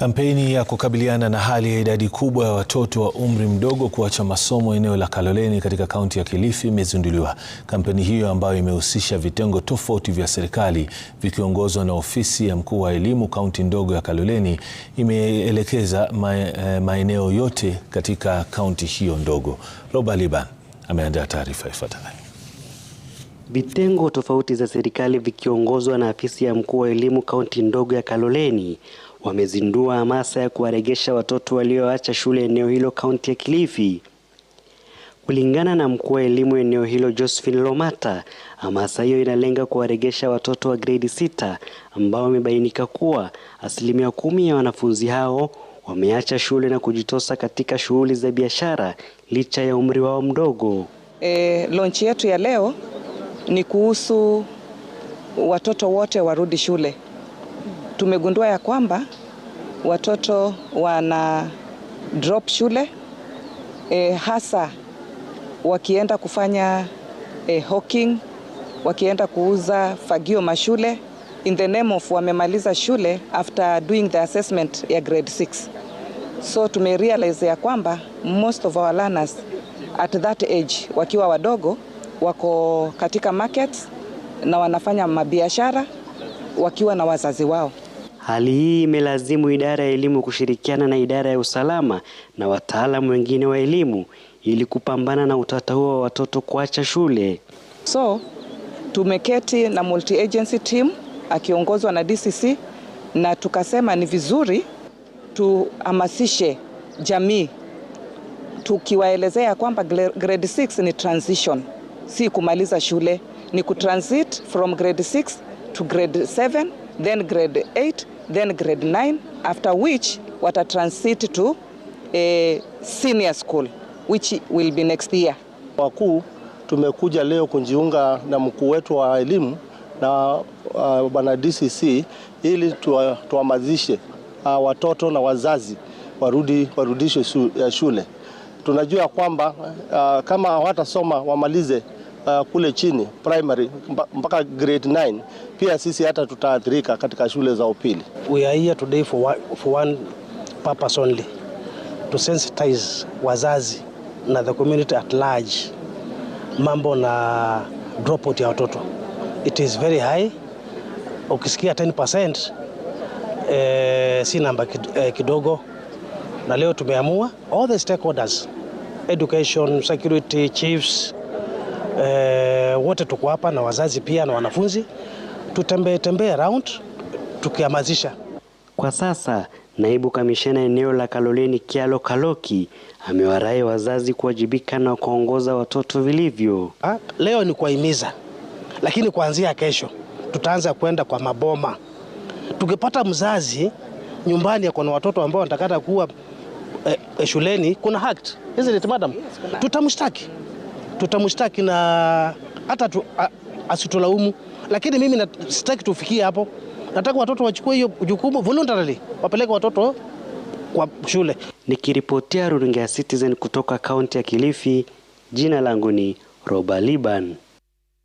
Kampeni ya kukabiliana na hali ya idadi kubwa ya watoto wa umri mdogo kuacha masomo eneo la Kaloleni katika kaunti ya Kilifi imezinduliwa. Kampeni hiyo ambayo imehusisha vitengo tofauti vya serikali vikiongozwa na ofisi ya mkuu wa elimu kaunti ndogo ya Kaloleni imeelekeza eh, maeneo yote katika kaunti hiyo ndogo. Roba Liban ameandaa taarifa ifuatayo. Vitengo tofauti za serikali vikiongozwa na afisi ya mkuu wa elimu kaunti ndogo ya Kaloleni wamezindua hamasa ya kuwarejesha watoto walioacha shule eneo hilo kaunti ya Kilifi. Kulingana na mkuu wa elimu eneo hilo Josephine Lomata, hamasa hiyo inalenga kuwarejesha watoto wa gredi sita ambao wamebainika kuwa asilimia kumi ya wanafunzi hao wameacha shule na kujitosa katika shughuli za biashara licha ya umri wao mdogo. E, launch yetu ya leo ni kuhusu watoto wote warudi shule tumegundua ya kwamba watoto wana drop shule e, hasa wakienda kufanya e, hawking, wakienda kuuza fagio mashule in the name of wamemaliza shule after doing the assessment ya grade 6 so tumerealize ya kwamba most of our learners at that age wakiwa wadogo wako katika markets na wanafanya mabiashara wakiwa na wazazi wao. Hali hii imelazimu idara ya elimu kushirikiana na idara ya usalama na wataalamu wengine wa elimu ili kupambana na utata huo wa watoto kuacha shule. So tumeketi na multi agency team akiongozwa na DCC na tukasema ni vizuri tuhamasishe jamii tukiwaelezea kwamba grade 6 ni transition, si kumaliza shule, ni kutransit from grade 6 to grade 7 then grade 8 then grade 9 after which wata transit to a senior school which will be next year. Wakuu tumekuja leo kujiunga na mkuu wetu wa elimu na uh, bwana DCC ili tuamazishe uh, watoto na wazazi warudi warudishwe eh, shule. Tunajua kwamba uh, kama hawatasoma wamalize uh, kule chini primary mpaka grade 9 pia sisi hata tutaathirika katika shule za upili. We are here today for one, for one purpose only to sensitize wazazi na the community at large mambo na dropout ya watoto. It is very high. Ukisikia 10% eh, si namba eh, kidogo, na leo tumeamua all the stakeholders education, security, chiefs E, wote tuko hapa na wazazi pia na wanafunzi, tutembee tembee around tukihamazisha. Kwa sasa naibu kamishana eneo la Kaloleni kialo Kaloki amewarai wazazi kuwajibika na kuongoza watoto vilivyo. Ha, ah, leo ni kuwahimiza, lakini kuanzia kesho tutaanza kwenda kwa maboma. Tukipata mzazi nyumbani ako na watoto ambao wanatakata kuwa eh, eh, shuleni, kuna hakt, isn't it madam? Tutamshtaki tutamshtaki na hata tu, asitulaumu, lakini mimi sitaki tufikie hapo. Nataka watoto wachukue hiyo jukumu voluntarily, wapeleke watoto kwa shule. Nikiripotia runinga ya Citizen kutoka kaunti ya Kilifi, jina langu ni Roba Liban.